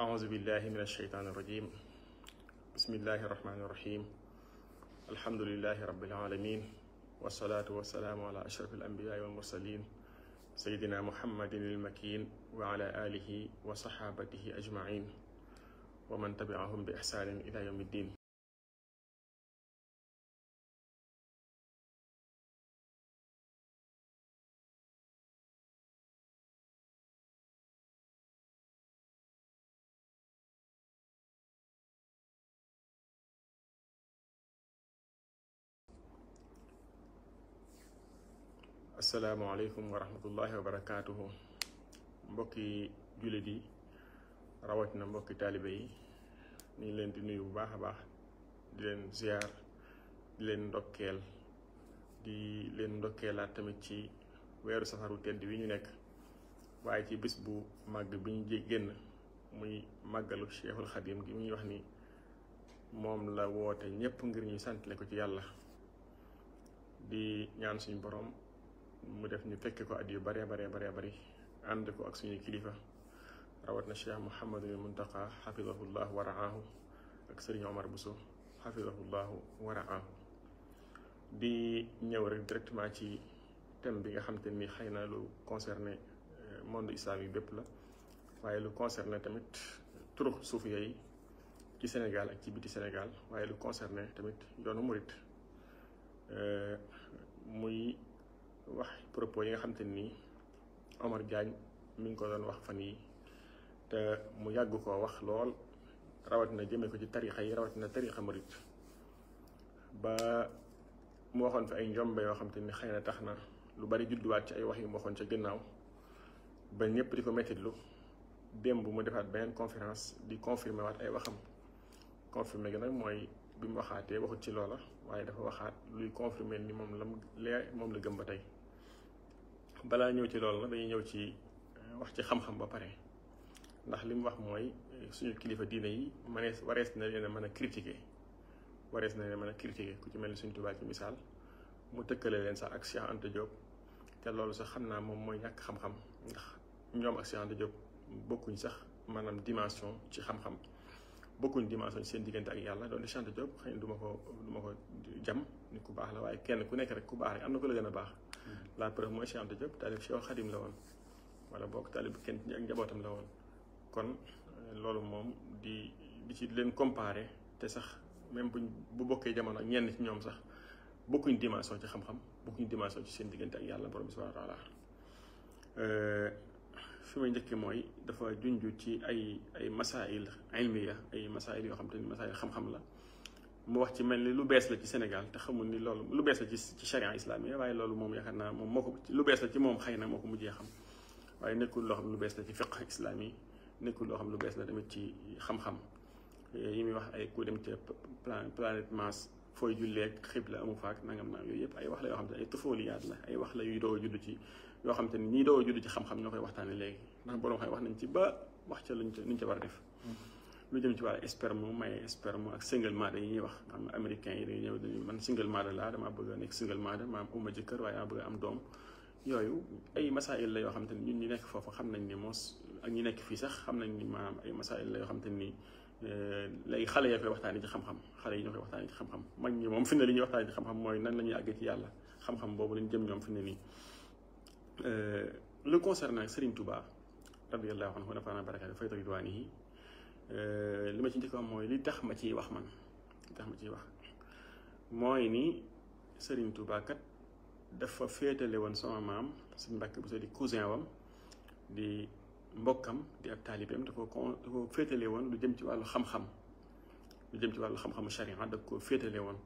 أعوذ بالله من الشيطان الرجيم بسم الله الرحمن الرحيم الحمد لله رب العالمين والصلاة والسلام على أشرف الأنبياء والمرسلين سيدنا محمد المكين وعلى آله وصحابته أجمعين ومن تبعهم بإحسان إلى يوم الدين asalaamualeykum wa rahmatullahi wa barakaatuhu mbokki jullit yi rawatina mbokki taalibe yi ñu leen di nuyu bu baax a baax di leen ziar di leen ndokkeel di leen ndokkeelaat tamit ci weeru safaru tedd wi ñu nekk waaye ci bis bu màgg bi ñu génn muy màggalu Cheikhul Xadim gi muy wax ni moom la woote ñépp ngir ñuy santale ko ci yàlla di ñaan suñu borom mu def ñu fekk ko at yu baree baree baree bari ànd ko ak suñuy kilifa rawat na cheikh Mouhamadul Muntaqa xafidahullahu wa raahu ak sëriñ Omar Bousso xafidahullahu wa raahu di ñëw rek directement ci thème bi nga xam te ni xëy na lu concerné euh, monde islam yi bépp la waaye lu concerné tamit turu suuf yooyu ci Sénégal ak ci biti Sénégal waaye lu concerné tamit yoonu murit euh, muy wax propos yi nga xam te nii Omar Diagne mi ngi ko doon wax fan yi te mu yàgg koo wax lool rawatina jëmee ko ci tarixa yi rawatina tarixa murit ba mu waxoon fi ay njombe yoo xam te ni xëy na tax na lu bari judduwaat ci ay wax yu mu waxoon ca ginnaaw ba ñëpp di ko mettitlu démb mu defaat beneen conférence di confirmer waat ay waxam confirmer gi nag mooy bi mu waxaatee waxut ci loola waaye dafa waxaat luy confirmer ni moom la mu lee moom la gëm ba tey balaa ñëw ci loolu dañuy ñëw ci euh, wax ci xam-xam ba pare ndax li mu wax mooy euh, suñu kilifa diine yi manees warees na leen a mën a critiquer warees na leen a mën a critiquer ku ci mel ni suñ Tuubaa ci misaal mu tëkkale leen sax ak Cheikh Anta te loolu sax xam naa moom mooy ñàkk xam-xam ndax ñoom ak Cheikh Anta bokkuñ sax maanaam dimension ci xam-xam bokkuñ dimension ci seen diggante ak yàlla doon Cheikh Anta Diop xëy na du ko du ko jam ni ku baax la waaye kenn ku nekk rek ku am na ko la gën a baax la preuve mooy Cheikh Anta Diop taalib Cheikh Xadim la woon wala boog taalib kenn ak njabootam la woon kon loolu moom di di ci leen comparer te sax même buñ bu bokkee jamono ñenn ci ñoom sax bokkuñ dimension ci xam-xam bokkuñ dimension ci seen diggante ak yàlla borom bi subhanahu wa taala fi may njëkk mooy dafa junj ci ay ay masail ilmiya ay masail yoo xam te ni masail xam-xam la mu wax ci mel ni lu bees la ci Sénégal te xamul ni loolu lu bees la ci ci charia islamique waaye loolu moom yaakaar naa moom moo ko lu bees la ci moom xëy na moo ko mujjee xam waaye nekkul loo xam lu bees la ci fiqh islami nekkul loo xam lu bees la tamit ci xam-xam yi muy wax ay ku dem ca plan planète Mars fooy jullee xibla amu faak nangam naam yooyu yëpp ay wax la yoo xam te ay tufóoliyaat la ay wax la yuy doo judd ci yoo xam te ni ñiy doo judd ci xam-xam ñoo koy waxtaane léegi ndax borom xam wax nañ ci ba wax ca luñ ca luñ ca war a def lu jëm ci wàllu sperme maye sperme ak single mother yi ñuy wax am américain yi dañuy ñëw dañuy man single mother laa dama bëgg a nekk single mother maam uma jëkkër waaye dama bëgg am doom yooyu ay masaayil la yoo xam te ni ñun ñi nekk foofu xam nañ ni moos ak ñi nekk fii sax xam nañ ni maanaam ay masaayil la yoo xam te ni léegi xale ya koy waxtaanee ci xam-xam xale yi ñoo koy waxtaanee ci xam-xam mag ñi moom fi ne li ñuy waxtaanee ci xam-xam mooy nan la ñuy àgg ci yàlla xam-xam boobu lañ jëm ñoom fi ne nii le concernant Serigne Touba radiyallahu anhu nafaana barakaatu fayta ridwaanihi Euh, li ma ci njëkk am mooy li tax ma ciy wax man li tax ma ciy wax mooy ni Serigne Touba kat dafa féetale woon sama maam Serigne Mbacke Bousso di cousin wam di mbokkam di ab taalibeem da ko da féetale woon lu jëm ci wàllu xam-xam lu jëm ci wàllu xam-xamu charia da koo féetale woon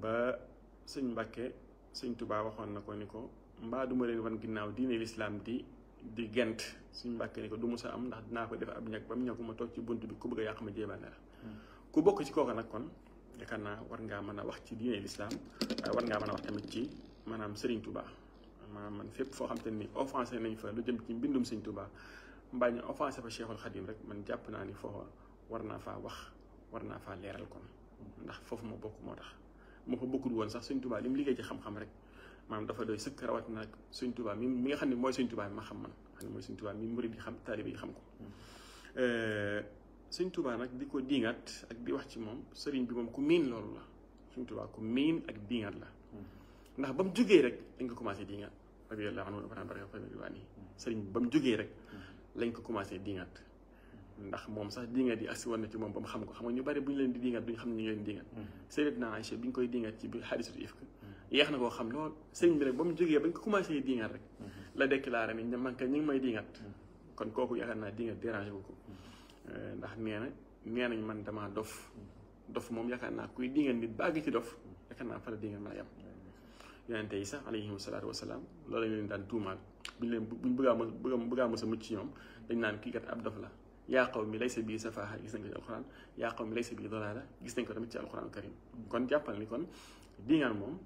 ba Serigne Mbacke Serigne Touba waxoon na ko ni ko mbaa duma leen wan ginnaaw diine lislaam di di gent suñ mbàkkee ni ko du mu sa am ndax dinaa ko def ab ñag ba mu ñagu ma toog ci bunt bi ku bëgg a yàq ma jéebaane la hmm. ku bokk ci kooka nag kon yaakaar naa war ngaa mën a wax ci diine lislaam waaye war ngaa mën a wax tamit ci maanaam Serigne Touba maanaam man fépp foo xam te ni offensé nañ fa lu jëm ci mbindum Serigne Touba mbaa ñu offensé fa Cheikhul Khadim rek man jàpp naa ni foofa war naa faa wax war naa faa leeral kon hmm. ndax foofu ma bokk moo tax moo fa bokkul woon sax Serigne Touba li mu liggéey rek maanaam dafa doy sëkk rawatina nag Sëñ Tuubaa mi mi nga xam ne mooy Sëñ Tuubaa mi ma xam xam ne mooy Sëñ Tuubaa mi murid yi xam taalibe yi xam ko hmm. euh, Sëñ Tuubaa nag di ko diingat ak bi wax ci moom sëriñ bi moom ku miin loolu la Sëñ Tuubaa ku miin ak diingat la hmm. ndax ba mu jógee rek dañ ko commencé diingat radiyallaahu anhu wa anhu yi ba mu jógee rek lañ ko commencé diingat hmm. ndax moom sax diingat yi agsi woon na ci moom ba mu xam ko xam nga ñu bari bu ñu leen di diingat duñ xam ne ñu leen diingat Sayyidatuna Aïcha bi ñu koy diingat ci biir hadiisul ifk yeex na koo xam lool sëriñ bi nag ba mu jógee bañ ko commencé diingat rek la déclaré ni man ka ñu ngi may diingat kon kooku yaakaar naa diingat dérangé wu ko euh, ndax nee na nee nañ man damaa dof dof moom yaakaar naa kuy diingat nit bàgg ci dof yaakaar naa fa la diingat mën a yem yonente yi sax alayhim salaatu wasalaam loolu lañu leen daan tuumaal buñ leen buñ bëggaa mos bëggaa mos a mucc ci ñoom dañ naan kii kat ab dof la yaa xaw mi laysa bii safaaxa gis nañ ko ci alxuraan yaa xaw mi laysa bii dolaala gis nañ ko tamit ci alxuraan karim kon jàppal ni kon diingat moom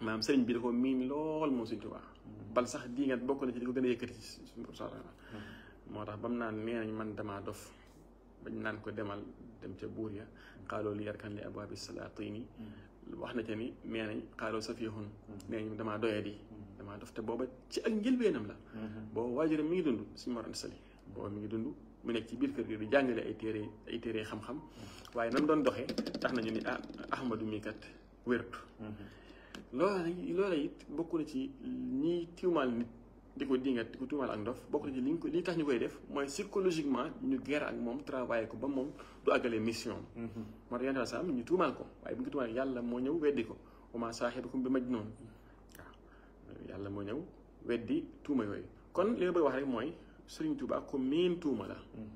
maam sëriñ bi da ko miin lool moom sëriñ Tuubaa bal sax diingat bokk na ci di ko gën a yëkkati naan nee nañ man damaa dof bañ nan ko demal dem ca buur ya xaaloo li yarkan li abwaabi salaatini wax na ca ni nee nañ xaaloo safihun nee nañ damaa doyadi damaa dof te boba ci ak njëlbeenam la booba waajuram mi ngi dund suñu Mor Sali booba mi ngi dund mu nekk ci biir kër gi di jàngale ay téere ay téere xam-xam waaye nam doon doxee tax nañu ni ah ahmadu mi kat wérut loola loola it bokk na ci ñiy tiwmaal nit di ko dingat di ko tuumaal ak ndof bokk na ci li li tax ñu koy def mooy psychologiquement ñu geer ak moom travailler ko ba moom du àggale mission mhm. moo tax yonent ñu tuumaal ko waaye bu ko tuumaal yàlla moo ñëw weddi ko wama saaxibukum bi majnuun waaw yàlla moo ñëw weddi tuuma yooyu kon li ma wax rek mooy Sëriñ Tuuba ku miin tuuma la mhm.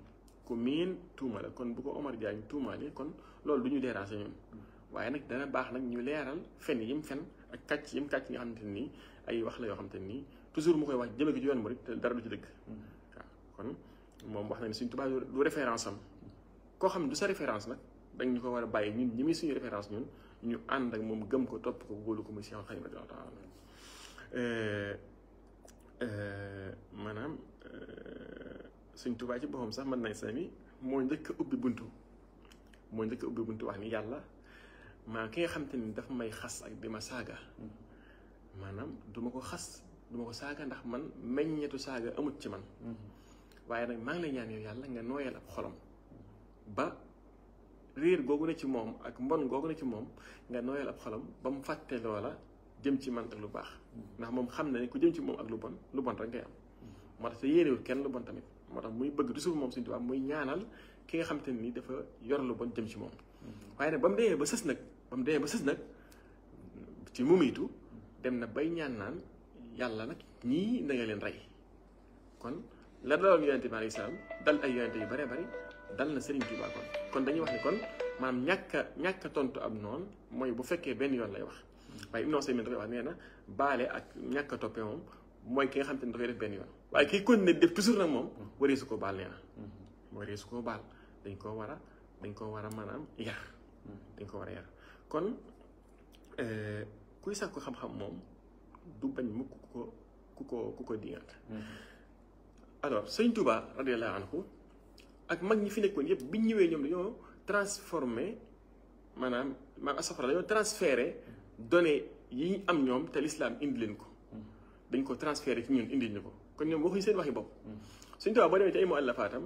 ku miin tuuma la kon bu ko Omar Diagne tuumaale kon loolu du ñu déranger ñun mhm. waaye nag dana baax nag ñu leeral fen yim fen ak kàcc yim kàcc nga xamante nii ay wax la yoo xamante nii toujours mu koy wax jëme ko ci yoon ci dëgg mm-hmm. waaw kon moom wax na ne suñ tubaab du référence am koo xam ne du nag dañ ko war a bàyyi ñun ñi suñu référence ñun ñu ànd ak moom gëm ko topp ko góolu ko muy Seex Xaadim radiyallaahu taala eh, eh, maanaam eh, suñ tubaab ci boppam sax mën nañ sami moo njëkk ubbi buntu moo njëkk ubbi buntu wax ni yàlla maanaam ki nga xam ni dafa may xas ak bi ma saaga maanaam duma ko xas du ma ko saaga ndax man meññetu saaga amut ci man waaye nag maa ngi lay ñaan yow yàlla nga nooyal ab xolom ba réer googu ne ci moom ak mbon googu ne ci moom nga nooyal ab xolam ba mu fàtte loola jëm ci man ak lu baax ndax moom xam na ne ku jëm ci moom ak lu bon lu bon rek ngay am moo tax te yéenewul kenn lu bon tamit moo tax muy bëgg du suuf moom suñu tubaab muy ñaanal ki nga xam te ni dafa yor lu bon jëm ci moom waaye ba mu dee ba sës nag ba mu ba sës nag ci mumitu dem na bay ñaan naan yàlla nag ñii na nga leen rey kon la daloon yonente bi alayhi dal ay yonente yu bëree bëri dal na Serigne Touba kon kon dañuy wax ni kon maanaam ñàkk ñàkk tontu ab noon mooy bu fekkee benn yoon lay wax waaye Ibnu Usaymin dafay wax nee na baale ak ñàkk a moom mooy ki nga xam te ne dafay def benn yoon waaye kii continuer def toujours nag moom waree su ko baal nee na waree su ko baal dañ koo war a dañ koo war a maanaam yar dañ ko war kon eh, kuy sàkku xam-xam moom du bañ mukk ku ko ku ko ku ko diŋat mm-hmm. alors sëñ Touba radiallahu anhu ak mag ñi fi nekkoon yëpp ñu ñëwee ñoom dañoo transformé maanaam maanaam asafara dañoo transféré données yi am ñoom te lislaam indi leen ko mm-hmm. dañ ko transféré ci ñun indi ko kon ñoom waxuñu seen waxi bopp mm-hmm. sëñ Touba boo demee ci ay mu àllafaatam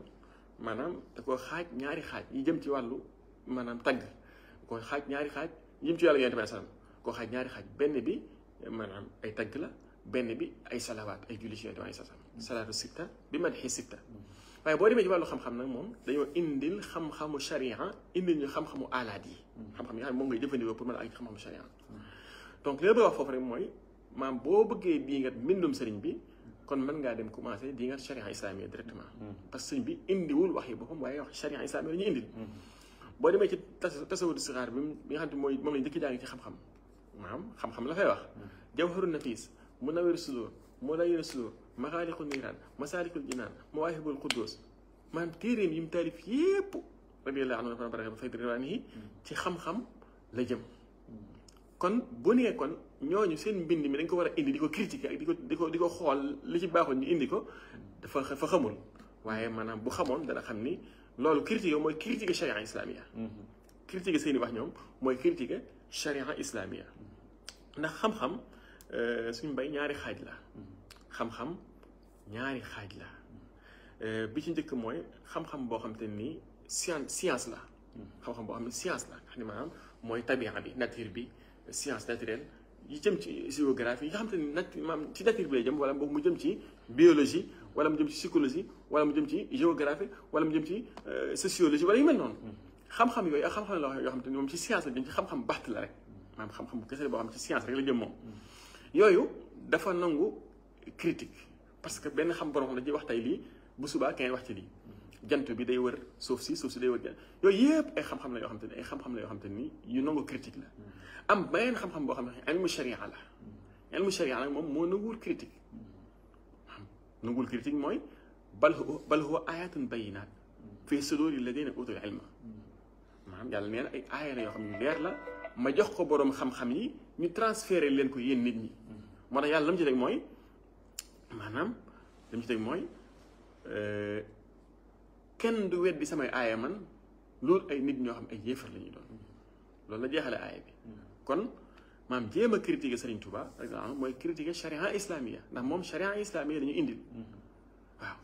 maanaam da ko xaaj ñaari xaaj yi jëm ci wàllu maanaam tagg ko xaaj ñaari xaaj yim ci yàlla yentiba sallam ko xaj ñaari xaj benn bi manam ay tagg la benn bi ay salawat ay julli ci yentiba sallam salatu salaatu sitta bi madhi sitta way bo demé ci walu xam xam-xam nak mom dañu indil xam-xamu sharia indi ñu xam-xamu aladi xam-xam yi nga xam moom ngay jëfandikoo pour man a ak xam-xamu sharia donc le la bëgg wax rek moy man bo bëggee bi nga mindum sëriñ bi kon man nga dem commencer di nga sharia islamiyya directement parce que sëriñ bi wul waxi boppam waaye wax sharia islamiyya ñu indil boo demee ci tasawur sixaar bi bi nga xam te mooy moom lañu dëkk jàng ci xam-xam maanaam xam-xam la fay wax jawharu nafis mu naweru sudur mu layeru sudur maxaaliqu niiraan masaalikul jinaan mawaahibul quddus maanaam téeréem yi mu taarif yépp radiyallahu anhu par exemple saytu riwaani ci xam-xam la jëm kon bu nee kon ñooñu seen mbind mi dañ ko war a indi di ko critiquer ak di ko di ko di ko xool li ci baaxul ñu indi ko dafa fa xamul waaye maanaam bu xamoon dana xam ni loolu critiqué mooy critiqué charia islamia critiqué seeni wax ñoom mooy critiqué charia islamia ndax xam-xam euh, suñu mbay ñaari xaaj la xam ñaari xaaj la euh, bi ci njëkk mooy xam-xam boo xam te ni science science la xam-xam boo xam ne science la mooy tabia bi nature bi science naturelle yi jëm ci géographie yi nga xam te ni ci nature bi lay jëm wala boog mu jëm ci biologie ولا مجمتي سيكولوجي ولا مجمتي جيوغرافي ولا مجمتي سوسيولوجي ولا يمن نون خم خم يوي خم خم لا يو خم تنيوم تي سياسه دي خم خم بحث لا رك ما خم خم كسر بو خم تي سياسه رك لا جيم يويو دا فا نونغو كريتيك باسكو بن خم بروم لا جي واخ تاي لي بو سوبا كاين واخ تي لي جانتو بي داي وور سوف سي سوف سي داي وور يو ييب اي خم خم لا يو خم تني اي خم خم لا يو خم تني يو نونغو كريتيك لا ام باين خم خم بو خم علم الشريعه لا علم الشريعه مو نغور كريتيك نقول كريتيك موي بل هو بل هو آيات بينات في صدور الذين أوتوا العلم مام يعني لين أي آية لا يخمن غير لا ما جح كبرهم خم خمي مي ترانسفير لين كوي ما نيا لم جدك موي ما نام لم موي آه، كن دويت بسمع آية من لول أي نيني يخم أي يفر لين يدون لولا جهل آية كن maam jéem a critiquer Serigne Touba par exemple mooy critiquer charia islamia ndax moom charia islamia dañu ñu indil waaw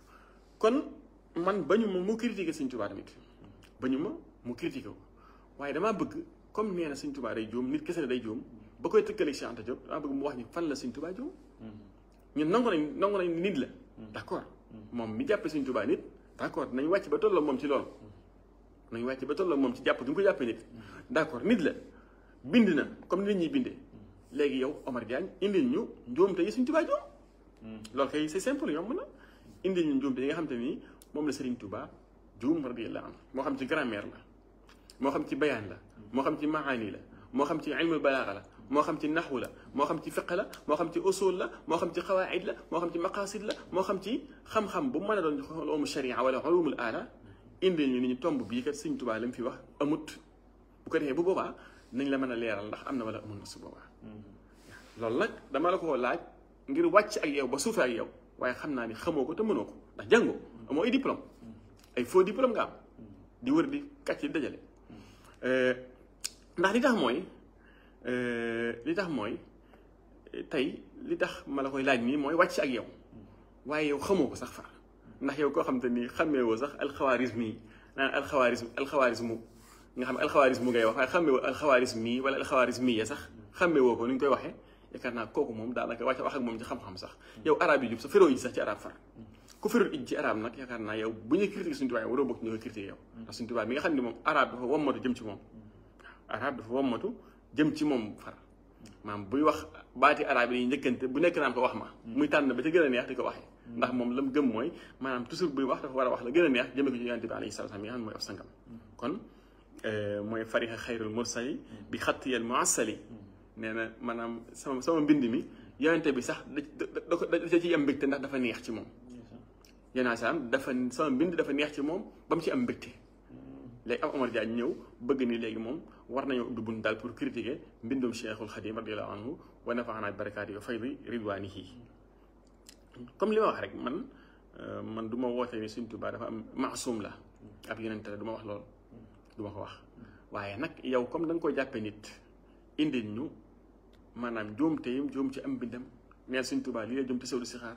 kon man bañu ma mu critiquer Serigne Touba tamit bañu ma mu critiquer ko waaye damaa bëgg comme nee na Serigne Touba day jóom nit kese day jóom ba koy tëkkaleeg Cheikh Anta Diop dama ah, bëgg mu wax ni fan la Serigne Touba jóom ñun nangu nañ nangu hmm. nañ nit la hmm. d' accord moom hmm. mi jàppe Serigne Touba nit d' accord nañ wàcc ba tolloo moom ci loolu nañ wàcc ba tolloo moom ci jàpp gi mu ko jàppee nit d' accord nit la bindina comme nit ni bindé légui yow Omar Diagne indi ñu njuumte tay serigne touba ñom lool kay c'est simple yomb na indi ñu njuumte bi nga xam tane mom la serigne touba juum radiyallahu anhu mo xam ci grammaire la mo xam ci bayan la mo xam ci maani la mo xam ci ilmul balagha la mo xam ci nahwu la mo xam ci fiqh la mo xam ci usul la mo xam ci qawaid la mo xam ci maqasid la mo xam ci xam-xam bu mën don xol ulumul sharia wala al ala indi ñu ni tomb kat serigne touba la fi wax amut bu ko defé bu boba nañ la mën a leeral ndax am na wala amul na su boobaa loolu nag dama la ko laaj ngir wàcc ak yow ba suufe ak yow waaye xam naa ni xamoo ko te mënoo ko ndax jàngoo amoo ay diplôme ay faux diplôme nga am di wër di kàcc di dajale ndax li tax mooy li tax mooy tey li tax ma la koy laaj nii mooy wàcc ak yow waaye yow xamoo ko sax far ndax yow koo xam te ni xamee woo sax alxawaarisme yi naan alxawaarisme alxawaarisme nga xam alxawaarismu ngay wax waaye xàmmewu alxawaarismi wala alxawaarismiya sax xàmmewoo ko ni ñu koy waxee yaakaar naa kooku moom daanaka wàcce wax ak moom ci xam-xam sax yow arab yi jub sa feroo yi sax ci arab far ku ferul ij ci arab nag yaakaar naa yow bu ñuy critiquer suñu tubaab waroo bokk ñu koy critiquer yow ndax suñu tubaab mi nga xam ne moom arab dafa wommatu jëm ci moom waaw arab dafa wommatu jëm ci moom far maam buy wax baati arab yi njëkkante bu nekk naan ko wax ma muy tànn ba ca gën a neex di ko waxee ndax moom la mu gëm mooy maanaam toujours buy wax dafa war a wax la gën a neex jëme ko ci yonent bi alayhi salaam yi nga xam ne mooy ab sangam kon mooy farixa xayrul mursali bi xattiya al muassali nee na maanaam sama sama mbind mi yonente bi sax da da da ciy am mbégte ndax dafa neex ci moom yonaa saam dafa sama mbind dafa neex ci moom ba ci am mbégte léegi am Omar Diagne ñëw bëgg ni léegi moom war nañoo ubbi bunt daal pour critiquer mbindum Cheikhul Khadim radiyallahu anhu wa nafaana barakaati yo faydi ridwaanihi comme li ma wax rek man man du ma ni Sëñ Tuubaa dafa am maasum la ab yonente la wax loolu du ma ko wax waaye nag yow comme da nga koy jàppee nit indi ñu maanaam juumte yim juum ci am bindam nee suñ Tuubaa lii lay juum te sawdu sixaar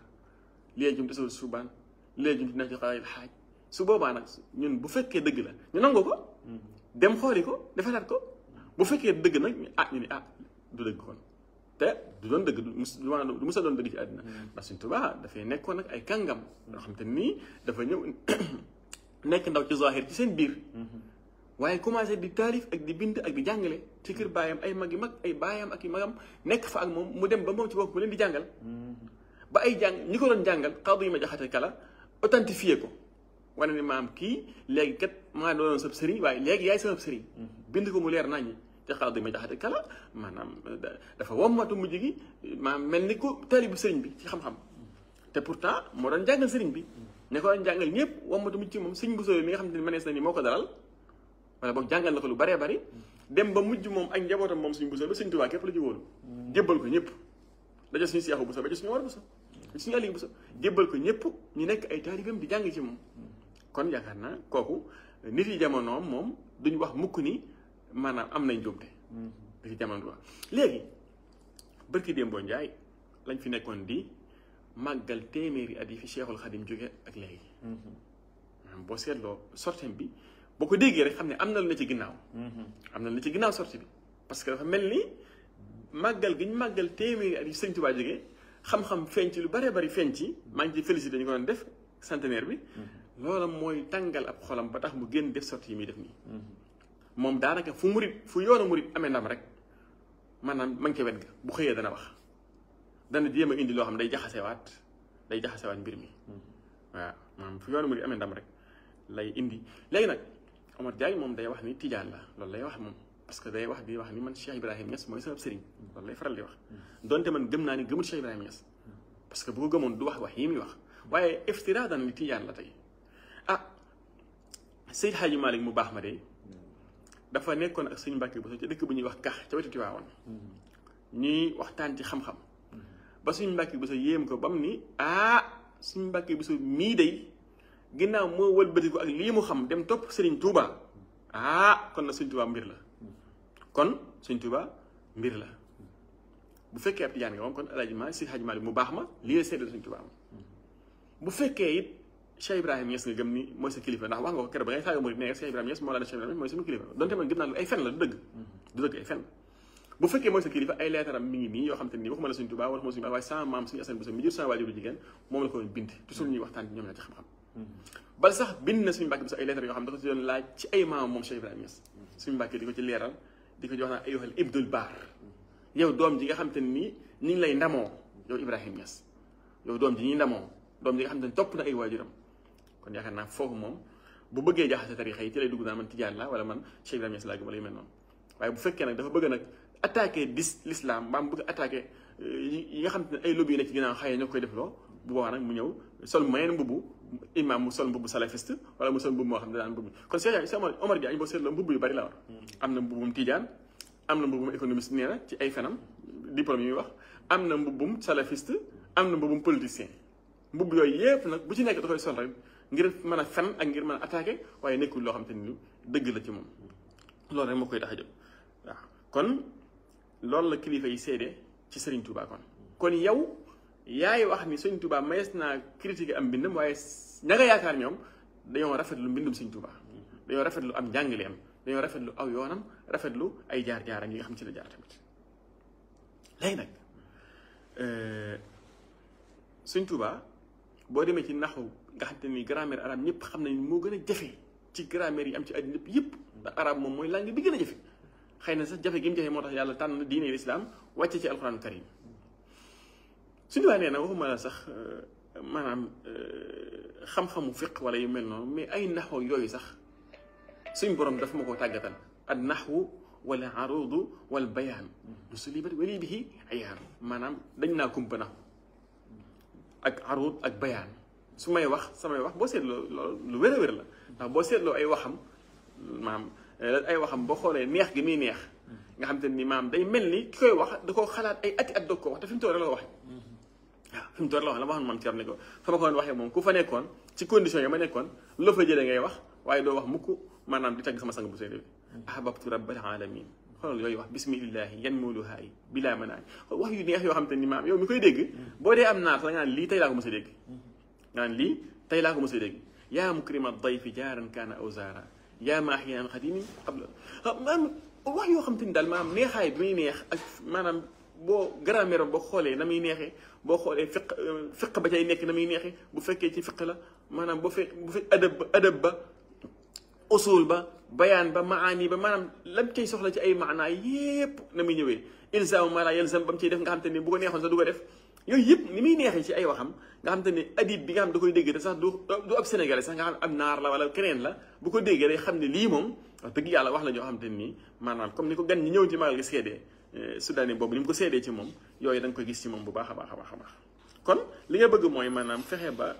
lii lay juum te sawdu subaan lii lay juum te nekk xalaat xaaj su boobaa nag ñun bu fekkee dëgg la ñu nangu ko dem xooli ko defaraat ko bu fekkee dëgg nag ah ñu ne ah du dëgg kon te du doon dëgg du musa doon dëgg ci àddina ndax suñ Tuubaa dafay nekkoon nag ay kàngam yoo xam te nii dafa ñëw nekk ndaw ci zahir ci seen biir waaye commencé di taalif ak di bind ak di jàngale ci kër baayam ay mag yu mag ay baayam ak i magam nekk fa ak moom mu dem ba moom ci bopp mu leen di jàngal mm-hmm. ba ay jàng ñi ko jàngal xaw yu ma jaxate kala authentifié ko wane ne maam kii léegi kat maa doonoon sab sëriñ waaye léegi yaay sama sëriñ mm-hmm. bind ko mu leer naññi te xaw ma jaxate kala maanaam dafa wommatu mujj gi maam mel ni ko bu sëriñ bi ci xam-xam mm-hmm. te pourtant moo doon jàngal sëriñ bi ne ko doon jàngal ñëpp wommatu mujj ci moom sëriñ bu sooyee mi nga xam ne manees na ni moo ko dalal wala boog jàngal na ko lu baree bari dem ba mujj moom ak njabootam moom suñu busa ba suñ tubaa képp la ci wóolu jébbal ko ñëpp da jox suñu seexu busa da jox suñu war busa suñu àlli busa jébbal ko ñëpp ñu nekk ay taalibam di jàng ci moom kon yaakaar naa kooku nit yi jamonoom moom duñ wax mukk ni maanaam am nañ njuumte da jamono léegi bërki démboo njaay lañ fi nekkoon di màggal téeméeri at yi fi Cheikhul Xadim jóge ak léegi mhm. boo seetloo sortem bi boko ko rek xamne amna lu ne ci ginnaw am na lu ne ci ginnaw sorti bi. parce que dafa melni magal giñ magal ñu màggal seigne touba yi xam xam-xam feeñ lu bari bari feeñ ma ngi féliciter ñu ko def centenaire bi. lolam moy tàngal ab xolam ba tax mu génn def sortie yi muy def mom da naka fu mourid fu yoonu mourid amé ndam rek manam ma ngi ca bu xeyé dana wax dana jéem indi lo xam day jaxassé wat day jaxassé wat mbir mi waaw manam fu yoonu mourid amé ndam rek lay indi légui nak Omar Diagne mom day wax ni tijaan la loolu lay wax mom parce que day wax di wax ni man Cheikh ibrahim Niass mooy sama sëriñ loolu lay faral di wax donte man gëm naa ni gëmul Cheikh Ibrahima Niass parce que bu ko gëmoon du wax wax yi muy wax waaye iftiraadan li tijaan la tey ah Seyd Hadji Malick mu baax ma de dafa nekkoon ak sëñ Mbàkke Bousso ci dëkk bu ñuy wax kax ca wetu Tiwaawoon ñuy waxtaan ci xam-xam ba sëñ Mbàkke Bousso yéem ko bam ni ah sëñ Mbàkke Bousso mii day ginnaaw moo wëlbatiku ak li mu xam dem top Serigne Touba ah kon na Serigne Touba mbir la kon Serigne Touba mbir la bu fekke ab tijaan ngam kon alaaji ma si hadji mali mu bax ma lii la seedal Serigne Touba bu fekke it Cheikh ibrahim yes nga gëm ni moy sa kilifa ndax wax nga ko kër ba ngay saaga murid ne Cheikh ibrahim yes mo la Cheikh ibrahim moy sama kilifa donte man gëm ay fen la deug du deug ay fen bu fekke moy sa kilifa ay lettre am mi ngi ni yo xam te nii waxuma la Serigne Touba waxuma Serigne Touba way sa mam serigne assane bu sa mi jur sama waajur jigéen mom la ko woon tu toujours ñi waxtan ñom la ci xam-xam bal sax bin na suñu mbàkk bi sax ay lettre yo xam ne dafa ci doon laaj ci ay maam mom Cheikh ibrahim yass suñu mbàkk diko ci leral diko jox na ayuhal Ibdul bar yow dom ji nga xamanteni ni ni lay ndamo yow ibrahim yass yow dom ji ni ndamo dom ji nga xamanteni top na ay wajuram kon yaaka na fofu mom bu bëggee jaaxase tarixa yi ci lay dugg na man tidiane la wala man Cheikh ibrahim yass laa gëm wala yu mel noonu waaye bu fekkee nag dafa bëgg nag attaquer dis l'islam mbaam bëgg attaquer yi nga xamanteni ay lobby yi ci ginaaw xaye na ñoo koy defloo bu boobaa nag mu ñëw sol mayen bubu imam mu sol mbubb salafiste wala mu sol mbubb moo xam dana mbubu kon Cheikh Isa Omar bi Diagne boo la mbubu yu bari la war amna mbubu mu tijaan amna mbubu mbubbum économiste neena ci ay fenam diplôme yi wax amna mbubu mu salafiste amna mbubu mbubbum politicien mbubu yoy yep nak bu ci nek da koy sol rek ngir meuna a fen ak ngir meuna attaquer waye nekul lo loo xam te ni dëgg la ci mom lool rek makoy koy kon lool la kilifa yi seede ci Serigne Touba kon kon yow yaay wax ni seigne Touba mayees naa critique am bindum waye ñaga yaakar ñom ñoom dañoo rafetlu bindum seigne Touba dañoo rafetlu am jangale njàngaleem dañoo rafetlu aw yoonam rafetlu ay jaar jaar ak yi nga xam ci la jaar tamit lay nak euh seigne Touba bo demé ci naxu nga xamni ni grammaire arabe ñëpp xam nañ mo gëna a jafe ci grammaire yi am ci ad ñepp yëpp ndax arabe moom mooy langue bi gëna a jafe xëy sax jafe gi mu jafe motax yàlla tan diine l'islam wàcce ci alcorane karim suñu laa nee na waxuma la sax maanaam xam-xamu fiq wala yu mel noonu mais ay naxoo yooyu sax suñ borom daf ma koo tàggatal ad naxwu wala arudu wal bayaan musulibat wali bihi ayaan maanaam dañ naa kumpa naxu ak arud ak bayaan su may wax samay wax boo seetloo loolu lu wér a wér la ndax boo seetloo ay waxam maam ay waxam boo xoolee neex gi muy neex nga xam te ni maam day mel ni ki koy wax da koo xalaat ay ati at doog koo wax te fi mu toll la wax waaw fi mu door la wax la ma waxoon man Thierno ko fa ma ko waxee moom ku fa nekkoon ci condition yi ma nekkoon loo fa jëlee ngay wax waaye doo di tagg sama sang bu seen ahbabtu rabbil alamin xoolal yooyu yan mooluhaa yi bilaa manaa wax yu neex yoo xam te ni maam yow koy dégg boo dee am naar sax nga naan lii tey laa ko mos a dégg nga naan lii tey laa ko mos a dégg yaa mukrima dayfi jaaran kaana ma xadimi abla maanaam boo grammaire boo xoolee na muy neexee boo xoolee fiq fiq ba cay nekk na muy neexee bu fekkee ci fiq la maanaam bu fekk bu fekk adab ba adab ba usul ba bayaan ba maani ba maanaam lam cay soxla ci ay maanaa yépp na muy ñëwee ilzaamu ma laa yalzam ba mu ciy def nga xam te ne bu ko neexoon sax du ko def yooyu yëpp ni muy neexee ci ay waxam nga xam te ne adib bi nga xam da koy dégg te sax du du ab sénégalais sax nga xam ab naar la wala keneen la bu ko déggee day xam ne lii moom wax dëgg yàlla wax la ñoo xam te nii maanaam comme ni ko gan ñi ñëw ci magal gi seedee Euh, sudaani boobu ni mu ko seedee ci moom yooyu danga nga koy gis ci moom bu baax a baax a baax kon li nga bëgg mooy maanaam fexe ba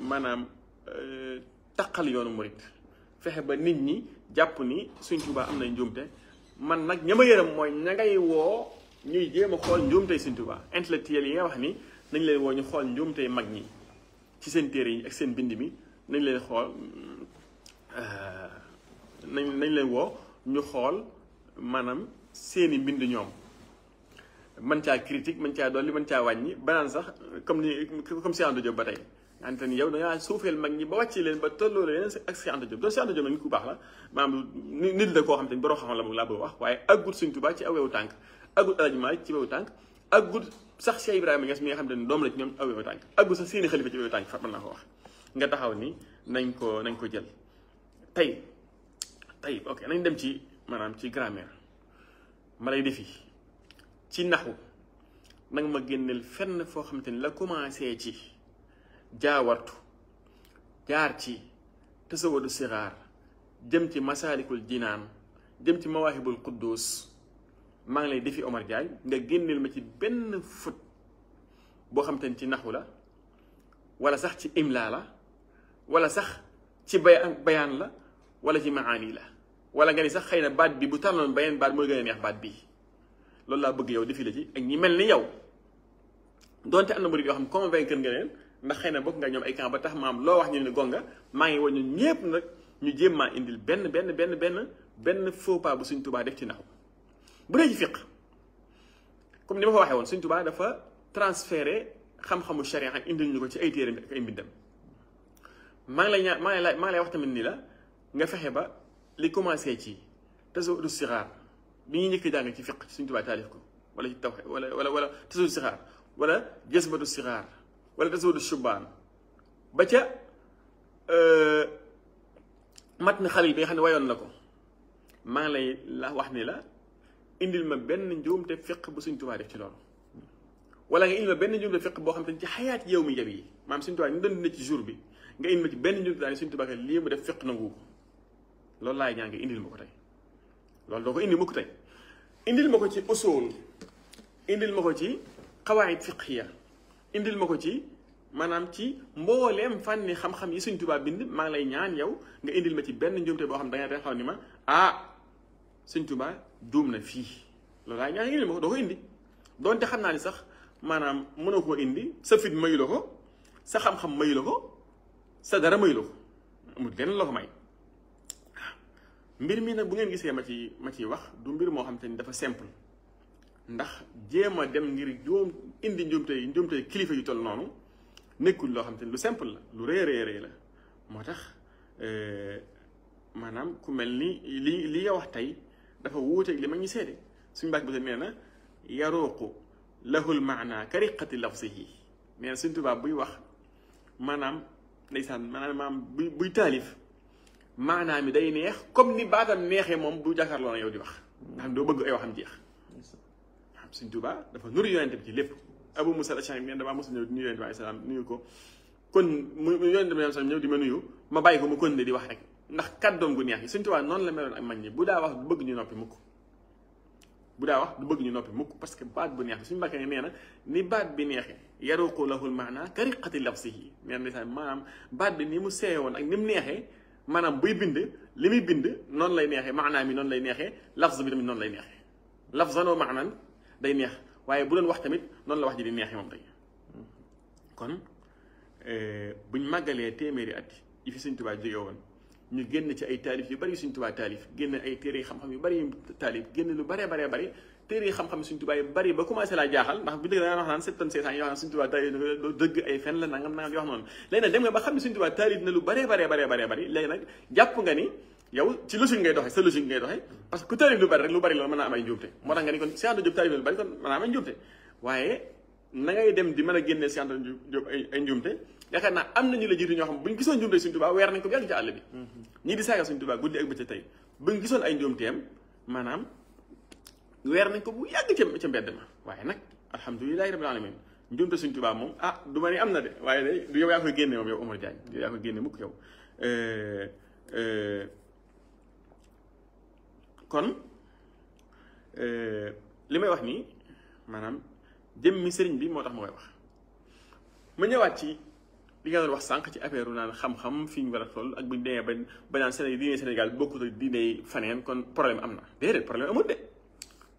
maanaam euh, taqal yoonu morit fexe ba nit ñi jàpp ni suñ Tuubaa am na njuumte man nag ña ma yërëm mooy ña ngay woo ñuy jéem a xool njuumtey suñ Tuubaa intellectuel yi nga wax ni nañ leen woo ñu xool njuumtey mag ñi ci seen téere yi seen bind mi nañ leen xool euh, nañ nañ leen woo ñu xool maanaam seeni mbind ñoom mën caa critique man caa dolli mën caa wàññi banaan sax comme ni comme Cheikh Anta Diop ba tey ante ni yow da ngaa suufeel ñi ba wàccee leen ba tolloo leen ak Cheikh Anta Diop baax la maanaam nit la koo xam te ni borom xam la moom laa waaye aggut Sëñ Tuubaa ci awewu tànk aggut El Hadj Malick ci awewu tànk aggut sax Cheikh Ibrahima Niass mi nga xam te ni doom la ci ñoom awewu tànk aggut sax seeni xalifa ci tànk nga taxaw ni nañ ko nañ ko jël tey tey ok nañ dem ci maanaam ci grammaire malay defi ci naxu nag ma génnel fenn foo xamante ni la commencé ci jaawartu jaar ci tasawadu siraar jëm ci masalikul jinaan jëm ci mawahibul quddus maa ngi lay defi Omar Diagne nga génnel ma ci benn fut boo xamante ni ci naxu la wala sax ci imla la wala sax ci bayaan la wala ci maani la ولا غاني صاح خاينا بات بي بو تانون باين بات موي غاني نيه بات بي لول لا بغي ياو ديفيلي تي اك ني ملني ياو دونت انا مريو خام كونفينكر غنين ما خاينا بوك غا نيوم اي كان با تخ مام لو واخ ني غونغا ماغي واني نييب نك ني جيم ما انديل بن بن بن بن بن فو با بو سيغ توبا ديف تي ناخو بودي جي فيق كوم نيما فا واخي وون سيغ توبا دا فا ترانسفيري خام خامو شريعه انديل نكو تي اي تيرم ما لا ما لا ما لا واخ تامن ني لا nga fexé ba لي كومونسيتي تزو الصغار بيني نيكي دا نتي فيق سيني توبا تاليفكم ولا التوحيد ولا ولا ولا تزو الصغار ولا جسم الصغار ولا تزو الشبان باتا ااا أه متن خليل بي خاني ويون نكو ما لي لا واخني لا انديل ما بن نجوم تي فيق بو سيني توبا ديف تي لول ولا غير ما بن نجوم فيق بو خامتني تي حياه يومي جابي مام سيني توبا ندن تي جور بي nga indi ma ci benn njumtu daani suñu tubaab li mu def fiq na nguu loolu laay ñaan nga indil ma ko tey loolu doo ko indi ma ko tey indil ma ko ci usul indil ma ko ci xawaayit fiqhiya indil ma ko ci maanaam ci mbooleem fànni xam-xam yi Sëñ Tuubaa bind maa ngi lay ñaan yow nga indil ma ci benn njuumte boo xam da nga dee xaw ni ma ah Sëñ Tuubaa juum na fii loolu laay ñaan indil ma ko doo ko indi doonte xam naa ni sax maanaam mënoo koo indi sa fit mayu la ko sa xam-xam mayu la ko sa dara mayu la ko amul lenn loo ko may mbir mi nak bu ngeen gisee ma ci ma ci wax du mbir moo xam te ni dafa simple ndax jéem dem ngir joom indi njuumte yi njuumte kilifa yu toll noonu nekkul loo xam te lu simple la lu rëy rëy rëy la moo tax maanaam ku mel ni li li nga wax tey dafa wuuteeg li ma ngi seede suñu bàcc bu nee na yaruuqu lahul maana kariqati lafsihi nee na suñ tubaab buy wax maanaam ndeysaan maanaam buy buy taalif maanaam mi day neex comme ni baatam neexee moom du jàkkaarloo na yow di wax nga xam doo bëgg ay waxam jeex nga xam Sëñ dafa nuru yonente bi ci lépp Abu Musa al-Ash'ari men damaa mos a ñëw di nuyu ko kon mu yonente bi ñëw di ma nuyu ma bàyyi ko mu kon ne di wax rek ndax kàddoom gu neex gi Sëñ Tuubaa noonu la meloon ak mag bu daa wax du bëgg ñu noppi bu daa wax bëgg ñu noppi mukk parce que baat bu neex bi suñu mbàkkee na ni baat bi neexee yaruqu lahul maana kariqati lafsihi nee na maanaam baat bi ni mu seewoon ak ni mu neexee manam buy bind limi bind non lay nexé maanaam yi noonu lay nexé lafz bi tamit non lay nexé lafzan wa manan day nex waye bu len wax tamit non la wax di nexé mom tey kon euh buñ magalé téméré at yi fi Sëñ touba jóge won ñu génn ci ay taalif yu bari suñ tubaa taalif génn ay téere yi xam-xam yu bari yu taalif génn lu bare bare bari téere yi xam-xam suñ tubaa yu bari ba commencé laa jaaxal ndax bu dëgg daan wax naan sept tonnes cinq cent yoo xam ne suñ tubaa taalif doo dëgg ay fen la nangam nangam yoo xam noonu léegi nag dem nga ba xam ne suñ tubaa taalif na lu bare bare bare bare bari léegi nag jàpp nga ni yow ci logique ngay doxee sa logique ngay doxee parce que ku taalif lu bari rek lu bari loolu mën naa am ay njuumte moo tax nga ni kon Cheikh Anta Diop taalif lu bari kon mën naa am ay njuumte waaye nangay dem di mën a génne si ay ay njuumte yaakaar naa am nañu la jiitu ñoo xam bu ñu gisoon njuumte Sëñ Tuubaa weer nañ ko bu yàgg ci àll bi mm-hmm. ñii di saaga Sëñ Tuubaa guddi ak bëccëg tey bu ñu gisoon ay njuumteem maanaam weer nañ ko bu yàgg ca ca mbedd ma waaye nag alhamdulilahi rabbil alamin njuumte Sëñ Tuubaa moom ah du ma ne am na de waaye de du yow yaa koy génne moom yow Omar Diagne yow yaa koy génne mukk yow euh, euh, kon euh, li may wax nii maanaam mi sëriñ bi moo tax ma koy wax ma ñëwaat ci li wax sànq ci affaire naan xam-xam fi ñu war a toll ak bu ñu demee ba ba naan Sénégal diine Sénégal bokkut ak diine faneen kon problème am na déedéet problème amut de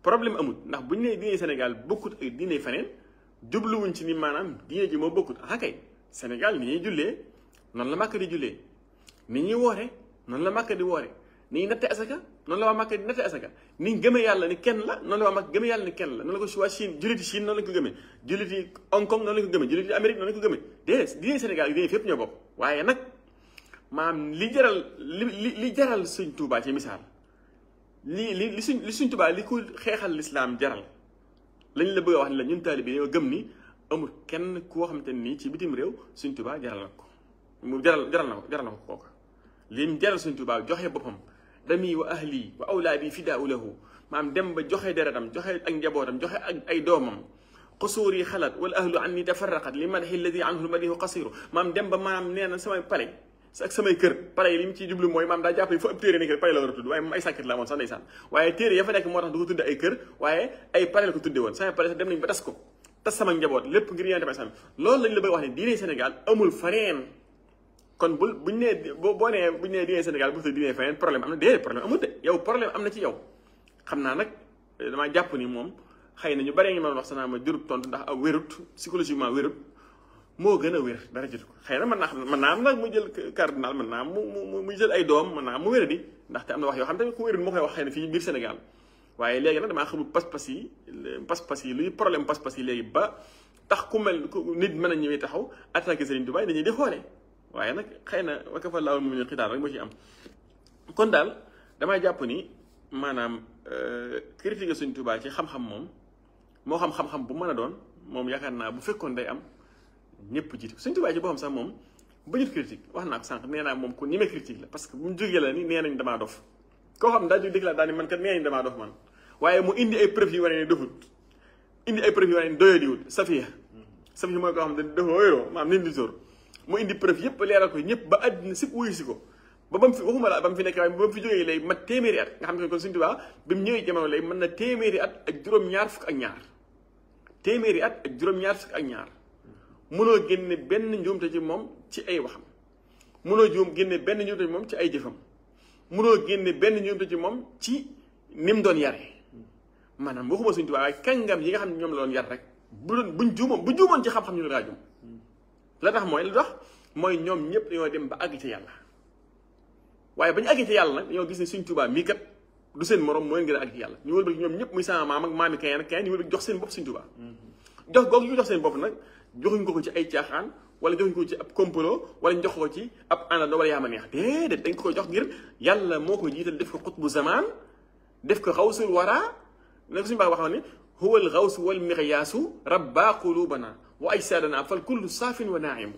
problème amut ndax bu ñu nee diine Sénégal bokkut ak diine faneen jubluwuñ ci ni maanaam diine ji moo bokkut ah kay Sénégal ni ñuy jullee noonu la màkk di jullee ni ñuy woore noonu la màkk di woore ni natte asaka noonu la waa Màkka di natte asaka ni gëme yàlla ni kenn la noonu la waa Màkka gëme yàlla ni kenn la noonu la ko waa Chine julliti Chine noonu lañ ko gëmee julliti Hong Kong noonu lañ ko gëmee julliti Amérique noonu lañ ko gëmee déedéet diine Sénégal yi diine fépp ñoo bokk waaye nag maam li jaral li li jaral suñ Tuubaa ci misaal li li li suñ li suñ Tuubaa li ko xeexal lislaam jaral lañ la bëgg a wax ni la ñun taalibe yi gëm ni amul kenn koo xamante nii ci bitim réew suñ Tuubaa jaral na ko mu jaral jaral na ko jaral na ko kooka lim jaral suñ Tuubaa joxe boppam dami wa ahli wa awlaadi fidaau lahu maam dem ba joxe deretam joxe ak njabootam joxe ak ay doomam xusuuri xalat wal ahlu an ni tafarraqat li madaxi alladi anhu madihu qasiru maam dem ba maam nee na samay pale ak samay kër pare li mu ciy jublu mooy maam daa jàpp fa ëpp téere nekk pare la war a tudd waaye moom ay sàkkit la amoon sax ndeysaan waaye téere ya fa nekk moo tax du ko tudde ay kër waaye ay pare la ko tudde woon samay pare sax dem nañ ba tas ko tas sama njaboot lépp ngir yéen a demee loolu lañ la bëgg wax ne diine Sénégal amul fareen kon bu bu nee boo boo nee buñ nee diine Sénégal bu tudd diine feneen problème am na déedéet problème problème am na ci yow xam naa eh, jàpp ni moom xëy na ñu bëree ngi mën wax sanaa ma jërut tontu ndax a wérut psychologiquement wérut moo gën a wér dara jotu ko na mën naa xam naa am nag mu jël cardinal mën naa mu mu jël ay doom mën naa mu wéra di ndaxte am na wax yoo xam tamit ku wérut moo koy wax xëy na fii biir Sénégal waaye léegi nag damaa xamul pas-pas yi pas-pas yi luy problème pas-pas yi léegi ba tax ku mel nit mën a ñëwee taxaw attaqué Serigne Touba dañuy di xoolee waaye nag xëy na wa laa laaw mu ne xitaan rek moo ci am kon daal damay jàpp ni maanaam euh, critiquer Sëñ Tuubaa ci xam-xam moom moo xam xam bu mën a doon moom yaakaar naa bu fekkoon day am ñëpp jiitu Sëñ Tuubaa boo xam sax moom bañut critique wax naa ko sànq nee naa moom ku ñemee critique la parce que bu mu jógee la ni nee nañ damaa dof koo xam daal di déclaré daal ni man kat nee nañ damaa dof man waaye mu indi ay preuve yu wane ne dofut indi ay preuve yu wane ne doyadiwut safiya mm-hmm. safiya mooy koo xam ne dafa wóyoo maam nit di mo indi preuve yëpp léral ko ñëpp ba àddina sëpp wuyu si ko ba bam fi waxuma la bam fi nek waaye ba mu fi joge lay ma téméré at nga xam nga kon Sëñ tuba bim ñëw jëmono lay mën na téeméeri at ak juróom-ñaar fuk ak ñaar téméré at ak juróom-ñaar fuk ak ñaar mëno génne benn njuumte ci mom ci ay waxam mëno joom génne benn njuumte ci mom ci ay jëfam mëno génne benn njuumte ci mom ci nim doon yare manam waxuma Sëñ tuba kàngam yi nga xam ne ñoom la doon yar rek bu doon buñ juumon bu juumoon ci xam-xam ñu la juum la tax mooy la tax mooy ñoom ñëpp dañoo dem ba àgg ci yàlla waaye ba ñu ci yàlla nag gis ne suñ Tuubaa mii kat du seen morom moy ngeen gën a ci yàlla ñu wëlbati ñom ñëpp muy sama mam ak maami keneen ak keneen ñu wëlbati jox seen bop seigne touba jox gog ñu jox seen bop nak joxuñ ko ko ci ay tiaxan wala joxuñ ko ci ab complot wala ñu jox ko ci ab àndandoo wala yama ma neex déedéet dañ ko jox ngir yàlla moko jital def ko qutbu zaman def ko khawsul wara nak suñu ba wax ne huwa al ghaws wal miqyas rabba qulubana wa ajsaadana fal kullu saafin wa naaimu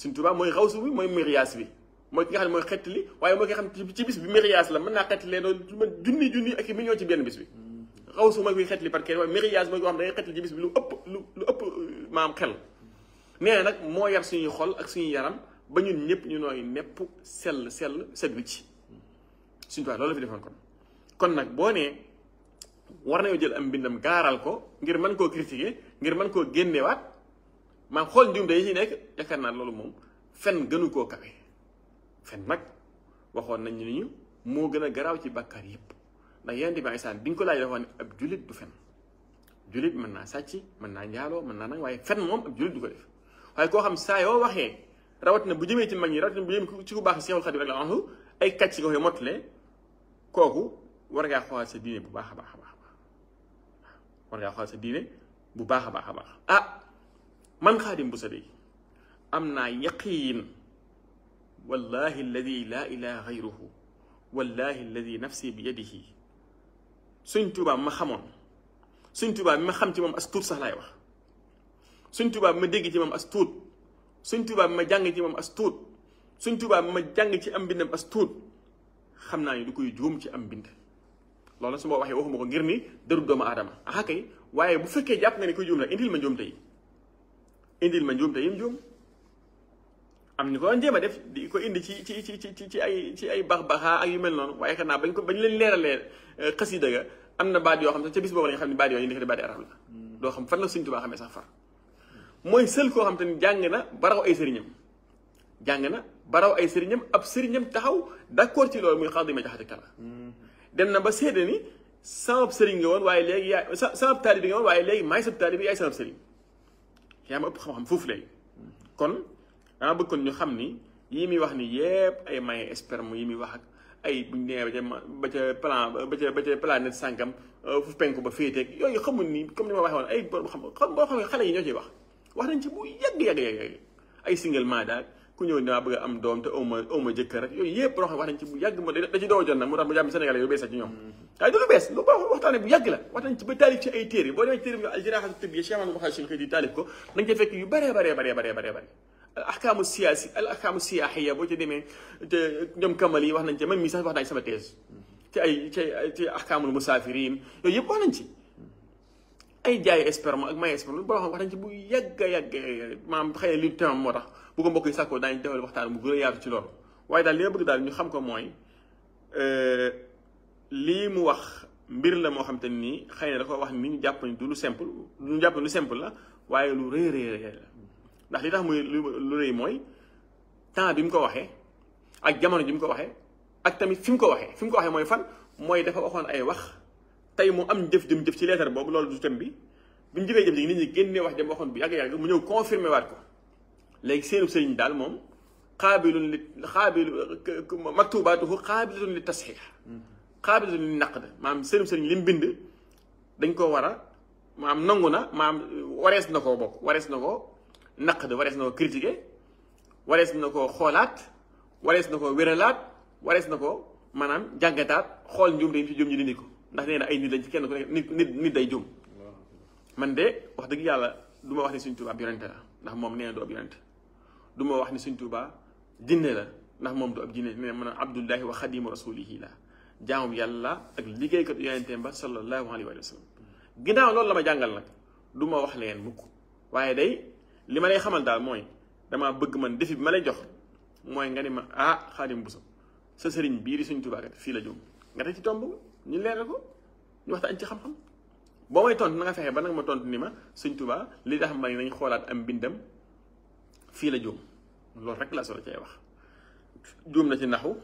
suñ tubaab mooy xawsu bi mooy mérias bi mooy ki nga xam ne mooy xettali waaye mooy ki nga xam ci bis bi mérias la mën naa xettali doon junni junni ak million ci benn bis bi xawsu mooy kuy xettali par kenn waaye mérias mooy koo xam ne day xettali ci bis bi lu ëpp euh, maam xel nee na nag moo yar suñuy xol ak suñu yaram ba ñun ñëpp ñu nooy nepp sell sell set wicc suñu tubaab loolu la fi defoon kon kon nag boo nee war yoo jël am mbindam gaaral ko ngir mën koo critiquer ngir mën koo génnewaat maam xool njuumte yi ci nekk yaakaar naa loolu moom fen gënu koo kawe fen nag waxoon nañ ni ñu moo gën a garaaw ci bàkkaar yépp ndax yonent bi aysaan bi ñu ko laaj waxoon ne ab jullit du fen mën naa sàcc mën naa njaaloo mën naa nag waaye fen moom ab ko def koo xam saa yoo waxee rawatina bu jëmee ci mag ñi rawatina bu jëmee ci ku baax Seexul Xadiim rek la anhu ay kàcc nga koy mottale kooku war ngaa xoolal sa diine bu baax a baax a baax war ngaa bu baax a baax a baax ah, من خادم بوسري امنا يقين والله الذي لا اله غيره والله الذي نفسي بيده سنتوبا توبا ما خمون سن توبا ما خمتي مام استور سهلاي واخ سن توبا ما ديغي مام استور سن توبا ما جانغي مام استور سن توبا ما جانغي تي ام بنم استور خمنا ني دوكوي جوم تي ام بنت لولا سما غيرني درو دوما ادم اخا كاي وايي بو فكي جاب ناني كو جوم indil ma njum te yim njum am ni ko doon jéem def di ko indi ci ci ci ci ci ay ci ay bax baxa ak yu mel non waye xana bañ ko bañ leen leeralee qasida ga amna baat yo xam ci bis boobu nga xam baat yo indi baat arab la do xam fan la seigne touba xamé sax far moy seul ko xam tane ni jàng na baraw ay serignam jàng na baraw ay serignam ab serignam taxaw d'accord ci lool muy xaw ma jaxate kala dem na ba seede ni sama sëriñ nga woon waaye léegi yaay sama taalibe nga woon waaye léegi maay sa taalibe yaay sama sëriñ yaa ma ëpp xam-xam foofu lay kon dama bëgg kon ñu xam ni yii muy wax ni yëpp ay may sperme yi muy wax ak ay buñ nee ba ca ba ca plan ba ca ba ca planète sànkam fu penku ba féeteeg yooyu xamul ni comme ni ma waxee woon ay borom xam xam boo xamee xale yi ñoo ciy wax wax nañ ci bu yàgg yàgg yàgg ay single maadaal كنيو نابغا أم دوم تا أم أم جكر يب روح واتن تبو يعج ما دا جي دوجان نم رام جام سنغال يو بس أجنوم كاي دو بس لو بروح واتن تبو يعج لا واتن تبو تالي تي أي تيري بوري تيري من الجرا هذا تبي يشيا ما نبغاش يمكن دي تالي كو نجي فيك يو بري بري بري بري بري بري الأحكام السياسية الأحكام السياحية بو تدي من يوم كمالي واتن تبو من ميسان واتن سبتيز تي أي تي تي أحكام المسافرين يو يب واتن تي أي جاي إسبرم أي ما إسبرم بروح واتن تبو يعج يعج ما بخير لي تام مرة bu ko mbokk yi sàkkoo daañu defal waxtaan mu gën a yaatu ci loolu waaye daal li ma bëgg daal ñu xam ko mooy euh, lii mu wax mbir la moo xam te nii xëy na da ko wax ni ñu jàpp ni du lu simple lu simple la waaye lu rëy rëy ndax li tax muy lu rëy mooy temps bi mu ko waxee ak jamono ji mu ko waxee ak tamit fi mu ko waxee fi mu ko waxee mooy fan mooy dafa waxoon ay wax tey mu am jëf jëm jëf ci leetar boobu loolu du tem bi bi mu jëfee jëm ci nit ñi génnee wax jëm waxoon bi yàgg-yàgg mu ñëw waat ko لي سينو سين دال موم قابل قابل مكتوباته قابل للتصحيح قابل للنقد مام سينو سين لي مبند دنجكو ورا مام نونغونا مام وريس نكو بوك وريس نكو نقد وريس نكو كريتيكي وريس نكو خولات وريس نكو ويرلات وريس نكو مانام جانغتا خول نجوم دي في جوم ني نيكو ndax neena ay nit lañ ci kenn ku nit nit nit day jom man de wax deug yalla duma wax ni seigne touba bi yonent la ndax mom neena do bi yonent duma wax ni seigne touba jinne la ndax mom du ab jinne ne man abdullahi wa khadim rasulihi la jaamu yalla ak liggey kat yonente ba sallallahu alaihi wa sallam ginaaw loolu la ma jangal nak duma wax leen mukk waye day li ma lay xamal dal moy dama bëgg man defi bi lay jox moy nga ni ma ah khadim busa sa serigne bi di seigne touba kat fi la jom nga te ci tombu ñu leral ko ñu waxtaan ci xam xam bo may tontu na nga fexe ba nag ma tontu ni ma seigne touba li tax may nañ xolaat am bindam fi la jom lool rek la solo cay wax juum na ci naxu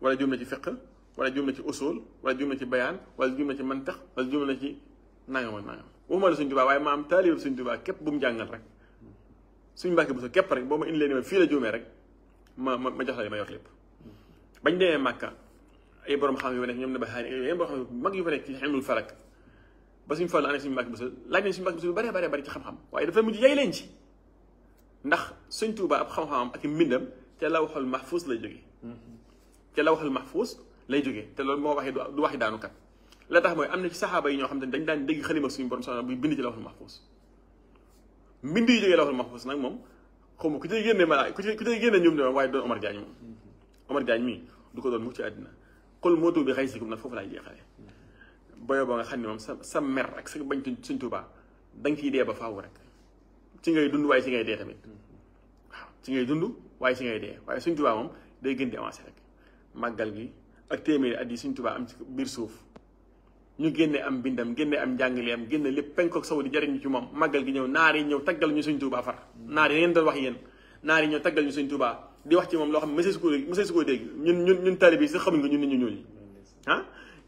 wala juum na ci fiqh wala juum na ci usul wala juum na ci bayan wala juum na ci mantakh wala juum na ci nangam ak nangam waxuma la seigne touba waye ma am talib seigne touba kep bu mu jàngal rek seigne mbàkke bu so kep rek boo ma indilee ni ma la juumee rek ma ma joxale ma yor lépp bañ demee màkka ay borom xam yu nek ñom na ba xaar ay bo xam mag yu fa nek ci himul falak ba seigne fall ane seigne suñu bu so laj seigne suñu bu so lu bëree bëree ci xam-xam waye dafa mujj yay len ci ndax sëñ Tuuba ab xam-xamam ak mbindam te lawxul mahfuus lay jóge te lawxul mahfuus lay jóge te loolu moo waxee du waxi daanu kat la tax mooy am na ci saxaaba yi ñoo xam ne dañ daan dégg xalima suñu borom soxna buy bind ci lawxul mahfuus mbind yi jóge lawxul mahfuus nag moom xawma ku cay génne mala ku cay génne ñoom ne waaye doon Omar Diagne moom Omar Diagne mii du ko doon mucc ci àddina kol mootu bi xëy sikum nag foofu laay jeexale boyo ba nga xam ne moom sa sa mer ak sa bañ sëñ Tuuba da nga ciy dee ba faaw rek ci ngay dund waaye ci ngay dee tamit waaw ci ngay dund waaye ci ngay dee waaye suñ moom day gën di avancé rek màggal gi ak téeméeri at di suñ tubaa am ci biir suuf ñu génne am bindam génne am njàngaleem génne lépp penkook saw di jariñu ci moom màggal gi ñëw naar yi ñëw taggal ñu suñ tubaa far naar yi ngeen doon wax yéen naar yi ñëw taggal ñu suñ tubaa di wax ci moom loo xam ne monsieur Suko monsieur Suko dégg ñun ñun ñun tali bi sax xamuñ ko ñun nit ñu ñuul yi ah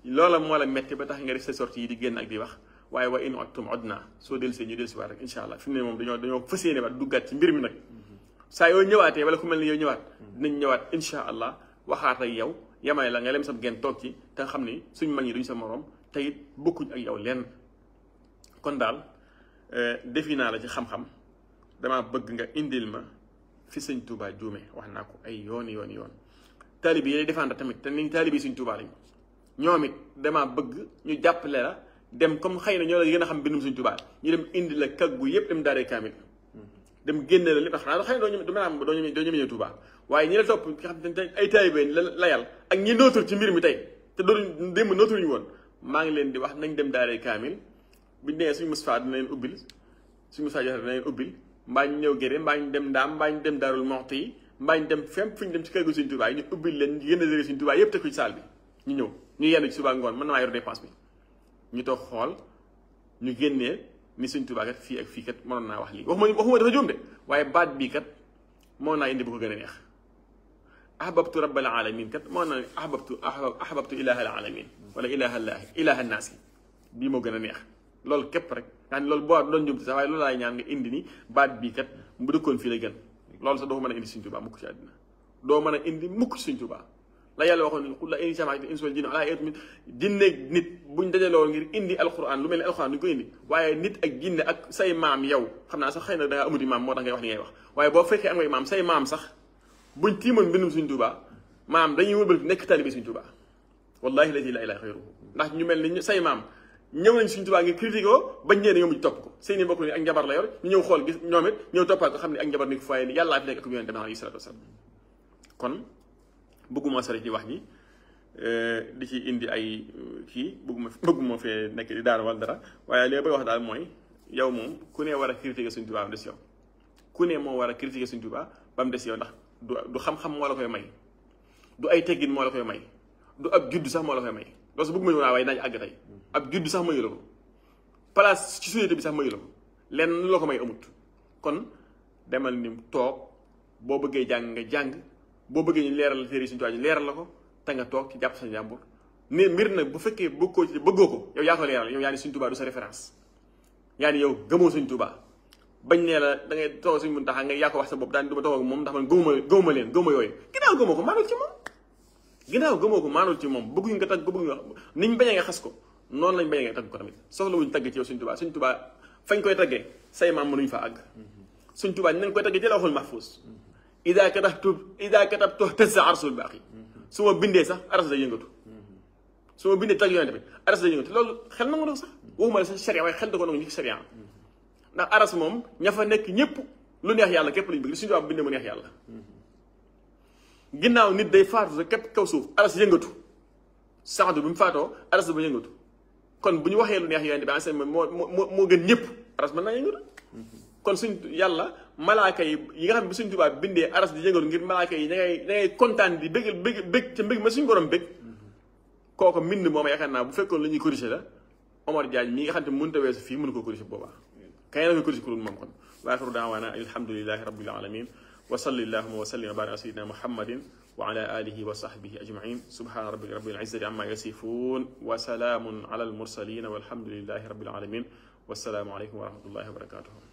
loola moo la metti ba tax nga def sa sortie di génn ak di wax waye wa in udna so del se ñu delsi waat rek inshallah allah fi mu ne moom dañoo dañoo fas yéene waat duggaat ci mbir mi nak sa yo ñewate wala ku melni yo ñewat ñëwaat dinañ ñëwaat incha waxaat ak yow yamay la nga lem sab geen toog ci ta xamni suñ mag ñi duñ sa morom tayit bokkuñ ak yow len kon dal euh defina la ci xam-xam dama bëgg nga indil ma fi sëñ Touba juume wax naa ko ay yoon yoon yoon talibi yi lay défendre tamit te ni talibi yi Touba lañ ñoom dama bëgg ñu jàppale la dem comme xeyna ñoo la gëna xam bindum Sëñ touba ñu dem indi la kaggu yëpp dem daaree kamil dem génne la lépp xanaa xëy na doo mën do ñu do ñu ñëw touba waye ñi la top ki xam ne ay taalibe la yal ak ñi nootul ci mbir mi tay te do dem démb nootuñu won ma ngi leen di wax nañ dem daaree kamil buñ né suñu Mustafaa dina leen ubil suñu Mustafaa joxe dina leen ubil mbañ ñëw géré mbañ dem ndam mbañ dem darul muqti mbañ dem fem fuñ dem ci kaggu Sëñ touba ñu ubil leen ñu génne Sëñ touba yëpp té ko ci saal bi ñu ñëw ñu yenn ci suba ngoon man na yor dépense bi ñu toog xool ñu génnee ni Sëñ Tuubaa kat fii ak fii kat mënoon naa wax lii waxuma waxuma dafa juum de waaye baat bii kat moo naa indi bu ko gën neex ahbabtu rabbal alamin kat moo naa ahbabtu ahbabtu ilaha alamin wala ilaha llahi ilaha naas yi bii moo neex loolu képp rek nga xam ne loolu boo doon jumti sax waaye ñaan nga indi ni baat bii kat bu dëkkoon fii la gën loolu sax doo mën indi Sëñ Tuubaa mukk ci àddina doo mën indi mukk Sëñ Tuubaa la yàlla waxoon ne qul la in jama'atil insu wal jinnu alaa ya'tuun jinne nit buñ dajaloo ngir indi alquran lu mel ne alquran duñ ko indi waaye nit ak jinne ak say maam yow xam naa sax xëy na dangaa amuti maam moo tax ngay wax ni ngay wax waaye boo fekkee am ngay maam say maam sax buñ tiimoon mbindum suñ Tuubaa maam dañuy wëlbal nekk taalibe suñ Tuubaa wallahi la ilaha xayruhu ndax ñu mel ni say maam ñëw nañ suñ Tuubaa ngir critiqué ko bañ nee ne ñoom ñu topp ko seen i mbokk ni ak njabar la yor ñu ñëw xool gis ñoom it ñëw toppaat ko xam ne ak njabar ni ko fayee ni yàllaa fi nekk ak yonent bi alayhi salaatu wasalaam kon bëgguma sori ci wax ji eh, di ci indi ay eh, kii bëgguma bëgguma fee nekk di daara wala dara waaye li ma bëgg wax daal mooy yow moom ku ne war a critiquer Sëñ Tuubaa ba mu des war a critiquer Sëñ Tuubaa ba mu des yow ndax du xam-xam moo la koy may du ay teggin moo la koy may du ab juddu sax moo la koy may loolu sax bëgguma ñu naa waaye naa ci àgg tey ab judd sax mayu la ko place ci société bi sax mayu la ko lenn loo ko may amut kon demal ni toog boo bëggee jàng nga jàng boo bëggee ñu leeral la téere Sëriñ Tuubaa ñu leeral la ko te nga toog jàpp sa bu fekkee bëggoo ci ko yow yaa ko leeral yow yaa ni Sëriñ Tuubaa sa référence yaa ni yow gëmoo Sëriñ Tuubaa bañ nee la da ngay toog Sëriñ Muntaxa nga yaa ko wax sa bopp daan du ma toog moom ndax man gëmuma gëmuma leen gëmuma yooyu ginnaaw gëmoo ko maanul ci moom ginnaaw gëmoo ko ci moom bëgguñu nga tagg ko bëgguñu niñ bañee nga xas ko noonu lañ bañee nga tagg ko tamit soxla wuñu tagg ci yow Sëriñ Tuubaa Sëriñ Tuubaa fañ koy taggee say maam mënuñ fa àgg Sëriñ Tuubaa nañ koy taggee ci lawhul mahfuus إذا كتبت إذا كتبت اهتز عرش الباقي سو بندي صح عرش زي ينقطو سو بندي تاجي يعني عرش زي ينقطو لول خلنا نقول صح وهم لسه الشريعة واي خلنا نقول نيجي الشريعة نا عرش مهم نفا نك نيب lu neex yàlla képp lañ bëgg suñu am bind mu neex yàlla ginnaaw nit day faatu sa képp kaw suuf aras yëngatu saxdu bi mu faatoo aras ba yëngatu kon bu ñu waxee lu neex yonent bi enseigne moo moo moo gën ñëpp aras mën naa yëngatu kon suñ yàlla malaaka yi yi nga xam ne bu suñ tubaa bindee aras di yëngal ngir malaaka yi da ngay da ngay kontaan di bëgg bëgg bëgg ca mbëgg ma suñu borom bëgg kooku mbind moom yaakaar naa bu fekkoon la ñuy corrigé la Omar mi nga xam te mënut a fii mënu ko corrigé boobaa kañ la ko corrigé kurul moom kon wa axiru daawaana an alhamdulilahi rabbil alamin wa salli allahuma wa sallim wa barik ala sayidina muhammadin wa ala alihi wa sahbihi ajmain subhana rabbika rabbil izzati amma yasifun wa salaamun ala almursalin walhamdulilahi rabbil alamin wasalaamu aleykum wa rahmatullahi